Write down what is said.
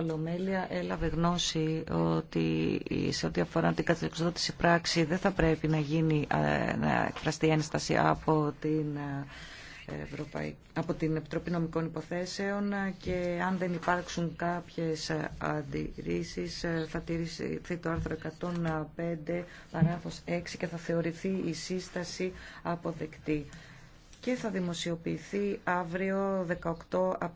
Ολομέλεια έλαβε γνώση ότι σε ό,τι αφορά την κατεξοδότηση πράξη δεν θα πρέπει να, γίνει, ε, να εκφραστεί ένσταση από την, ε, Ευρωπαϊ... από την Επιτροπή Νομικών Υποθέσεων και αν δεν υπάρξουν κάποιες αντιρρήσεις ε, θα τηρηθεί το άρθρο 105 παράγραφος 6 και θα θεωρηθεί η σύσταση αποδεκτή και θα δημοσιοποιηθεί αύριο 18 Απριλίου.